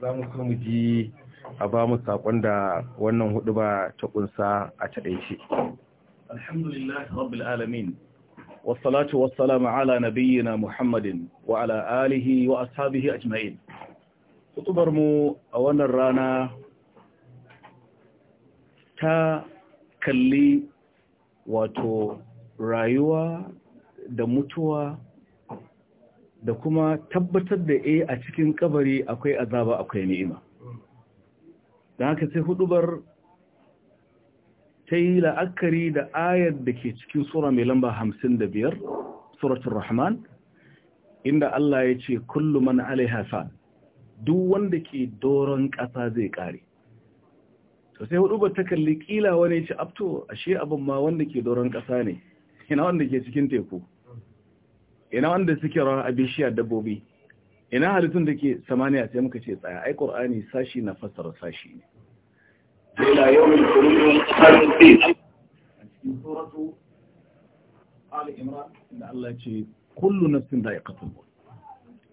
za mu so mu ji a ba mu saƙon da wannan hudu ba ta kunsa a shi. Alhamdulillah, Rabbil Alamin, wasalatu wasalamu ala nabiyyina Muhammadin wa ala alihi wa ashabihi ajma'in. mu a wannan rana ta kalli wato rayuwa da mutuwa da kuma tabbatar da e a cikin kabari akwai azaba akwai ni'ima don haka sai hudubar ta yi la'akari da ayar da ke cikin sura mai lamba hamsin da biyar suratun rahman inda Allah ya ce kullum alaiha alaihafa duk wanda ke doron ƙasa zai ƙare to sai hudubar ta kalli ƙila wani ce abto ashe abin ma wanda ke doron ƙasa ne ina wanda ke cikin teku ina wanda suke rawa a bishiya dabbobi ina halittun da ke samaniya sai muka ce tsaya ai ƙorani sashi na fassara sashi ne kullu yawmin qulubun qalbi cikin suratu ali imran Allah ce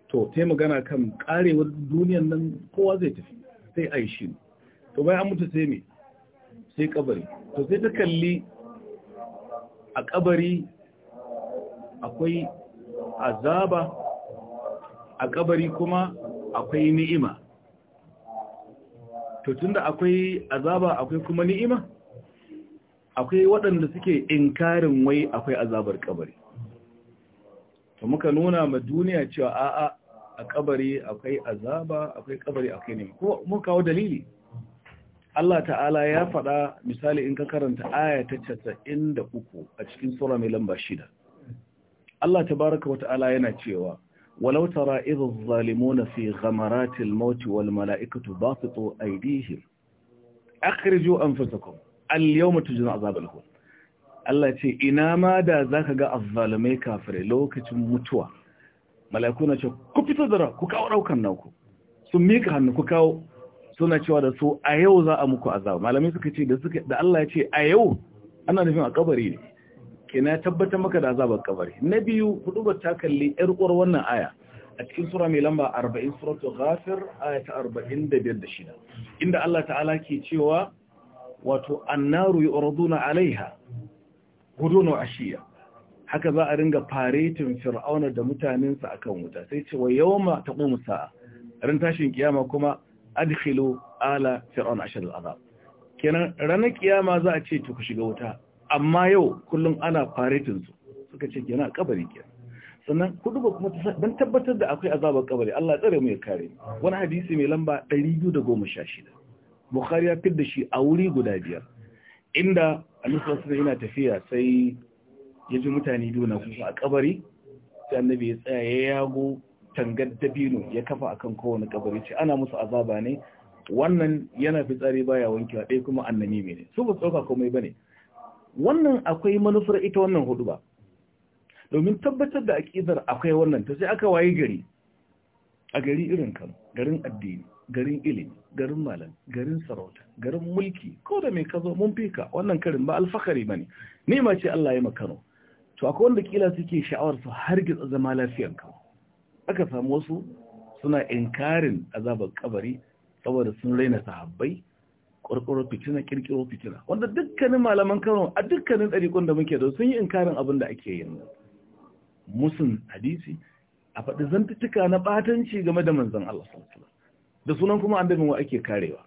to sai magana kan karewar duniyar nan kowa zai tafi sai yi shi to bayan an mutu sai me sai kabari to sai ta kalli a kabari akwai azaba a kabari kuma akwai ni'ima to tunda akwai azaba akwai kuma ni'ima akwai waɗanda suke inkarin wai akwai azabar kabari to muka nuna ma duniya cewa a'a a kabari akwai azaba akwai kabari akwai ni'ima ko mun kawo dalili Allah ta'ala ya faɗa misali in ka karanta aya ta 93 a cikin sura mai lamba shida. Allah tabaraka wata'ala yana cewa walau tara idh zalimuna fi ghamaratil maut wal malaikatu basitu aydihim akhriju anfusakum al yawma tujzun azab al Allah ce ina ma da zaka ga azzalimai kafirai lokacin mutuwa mala'iku na ce ku fito da ku kawo daukan naku sun mika hannu ku kawo suna cewa da su a yau za a muku azaba malamai suka ce da Allah ya ce a yau ana nufin a kabari ne ya tabbatar maka da azabar kabari na biyu hudubar ta kalli yar uwar wannan aya a cikin sura mai lamba 40 suratul ghafir aya ta 45 da shida inda Allah ta'ala ke cewa wato annaru yuraduna alaiha gudun ashiya haka za a ringa faretin fir'auna da mutanensa akan wuta sai ce wa yawma taqumu sa'a ran tashin kiyama kuma adkhilu ala fir'auna ashad al'azab kenan ranar kiyama za a ce to ku shiga wuta amma yau kullum ana faretinsu suka ce gina kabari ke sannan kudu ba kuma don tabbatar da akwai azabar kabari Allah tsare mu ya kare wani hadisi mai lamba 216 Bukhari ya da shi a wuri guda biyar inda annabi yana tafiya sai ya ji mutane biyu na kusa a kabari sai annabi ya tsaya ya yago tangar dabino ya kafa akan kowane kabari ce ana musu azaba ne wannan yana fitsari baya wankewa ɗaya kuma annami ne su ba tsoka komai bane wannan akwai manufar ita wannan hudu ba domin tabbatar da aƙidar akwai wannan ta sai aka waye gari a gari irin kano garin addini garin ilimi garin malam garin sarauta garin mulki ko da mai kazo mun fika wannan karin ba alfakari bane ne ma ce Allah ya maka kano to akwai wanda kila suke sha'awar su har gitsa zama lafiyar ka, aka samu wasu suna inkarin azabar kabari saboda sun raina sahabbai ƙwarƙwaro fitina ƙirƙiro fitina wanda dukkanin malaman kano a dukkanin ɗariƙun da muke da sun yi inkarin abin da ake yin musun hadisi a faɗi zantuttuka na ɓatanci game da manzan Allah da sunan kuma an wa ake karewa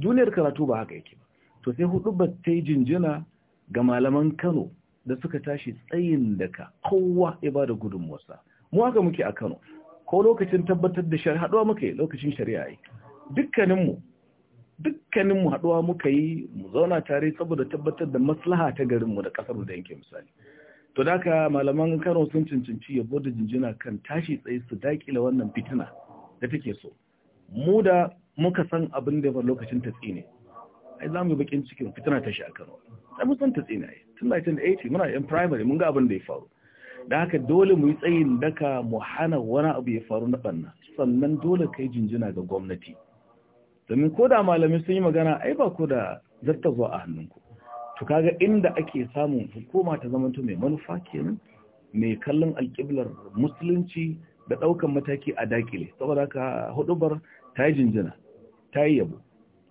duniyar karatu ba haka yake ba to sai hudu ba ta yi jinjina ga malaman kano da suka tashi tsayin daka kowa ya ba da gudunmuwarsa mu haka muke a kano ko lokacin tabbatar da shari'a haɗuwa muke lokacin shari'a yi dukkaninmu mu haɗuwa muka yi mu zauna tare saboda tabbatar da maslaha ta garinmu da ƙasar da yanke misali to da ka malaman kano sun cincinci yabo da jinjina kan tashi tsaye su la wannan fitina da take so mu da muka san abin da ba lokacin ta tsine. ai za mu yi bakin cikin fitina ta shi a kano sai mun san ta tsine ai tun 1980 muna yan primary mun ga abin da ya faru da haka dole mu yi tsayin daka mu hana wani abu ya faru na banna sannan dole kai jinjina ga gwamnati domin ko da malami sun yi magana ai ba ko da zarta zuwa a hannunku to kaga inda ake samun hukuma ta zamanto mai manufa kenan mai kallon alƙiblar musulunci da ɗaukan mataki a dakile saboda ka hudubar ta yi jinjina ta yi yabo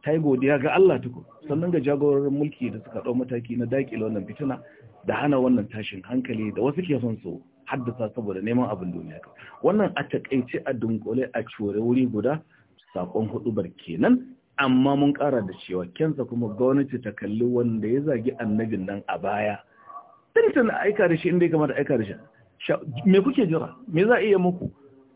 ta yi godiya ga Allah tuku sannan ga jagororin mulki da suka ɗau mataki na dakile wannan fitina da hana wannan tashin hankali da wasu ke son su haddasa saboda neman abin duniya wannan a takaice a dunkule a cure wuri guda sakon bar kenan amma mun ƙara da cewa kensa kuma gwamnati ta kalli wanda ya zagi annabin nan a baya tantan aika da shi inda ya kamata aika da shi me kuke jira me za a iya muku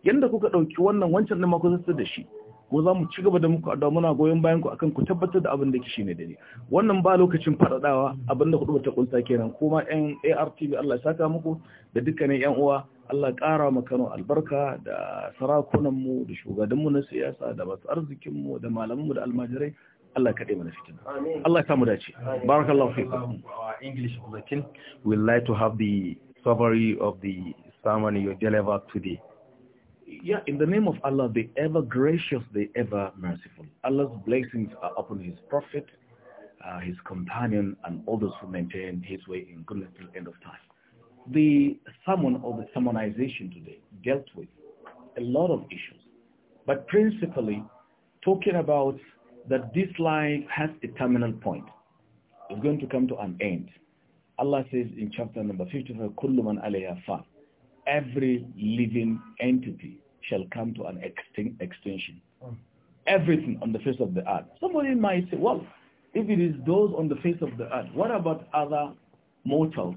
Yadda kuka ɗauki wannan wancan da ma da shi ko za mu ci gaba da muku da muna goyon bayan ku akan ku tabbatar da abin da kishi ne da ni wannan ba lokacin faɗaɗawa abin da kudu ta kunsa kenan kuma yan ARTV Allah ya saka muku da dukkanin yan uwa Allah ƙara ma Kano albarka da sarakunan mu da shugabanmu na siyasa da masu arzikin mu da malaman mu da almajirai Allah kaɗai mana fitina. Allah ya samu dace. Barakallahu fiikum. English bulletin we like to have the summary of the ceremony you deliver today. yeah, in the name of Allah, the ever gracious, the ever merciful. Allah's blessings are upon his prophet, uh, his companion, and all those who maintain his way in goodness till end of time. The sermon or the sermonization today dealt with a lot of issues, but principally talking about that this life has a terminal point. It's going to come to an end. Allah says in chapter number 55, every living entity shall come to an extin extinction. Hmm. Everything on the face of the earth. Somebody might say, well, if it is those on the face of the earth, what about other mortals?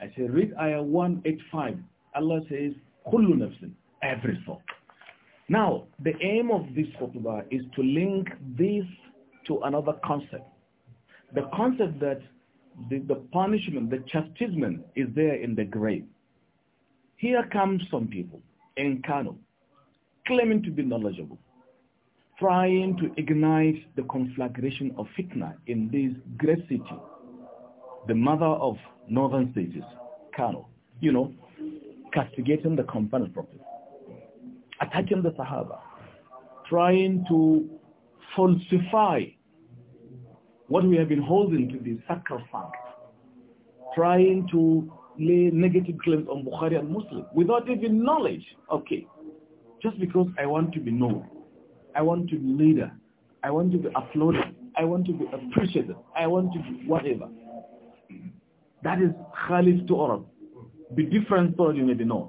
I say, read Ayah 185. Allah says, Kullu nafsin, every soul. Now, the aim of this khutbah is to link this to another concept. The concept that the, the punishment, the chastisement is there in the grave. Here come some people in Kano claiming to be knowledgeable, trying to ignite the conflagration of fitna in this great city, the mother of northern cities, Kano, you know, castigating the companion prophet, attacking the Sahaba, trying to falsify what we have been holding to be sacrosanct, trying to lay negative claims on Bukhari and Muslim without even knowledge. Okay, just because I want to be known, I want to be leader, I want to be applauded, I want to be appreciated, I want to be whatever. That is Khalif to Arab. Be different so you may be known.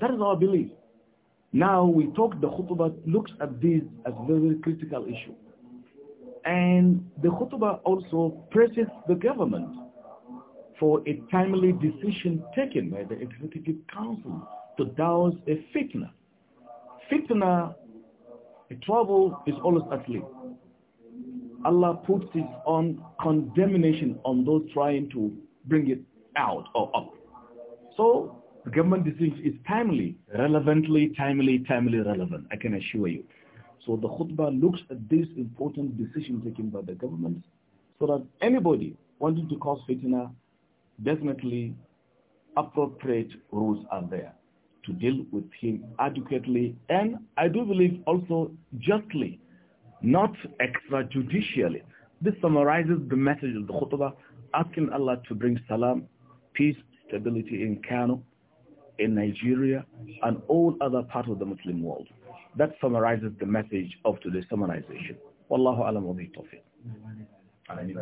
That is our belief. Now we talk, the khutbah looks at this as a very, very critical issue. And the khutbah also presses the government for a timely decision taken by the Executive Council to douse a fitna. Fitna, a trouble, is always at least. Allah puts his own condemnation on those trying to bring it out or up. So the government decision is timely, relevantly, timely, timely, relevant, I can assure you. So the khutbah looks at this important decision taken by the government so that anybody wanting to cause fitna definitely appropriate rules are there to deal with him adequately and I do believe also justly, not extrajudicially. This summarizes the message of the khutbah, asking Allah to bring salam, peace, stability in Kano, in Nigeria, and all other parts of the Muslim world. That summarizes the message of today's summarization. Wallahu alam wa bihi tawfiq.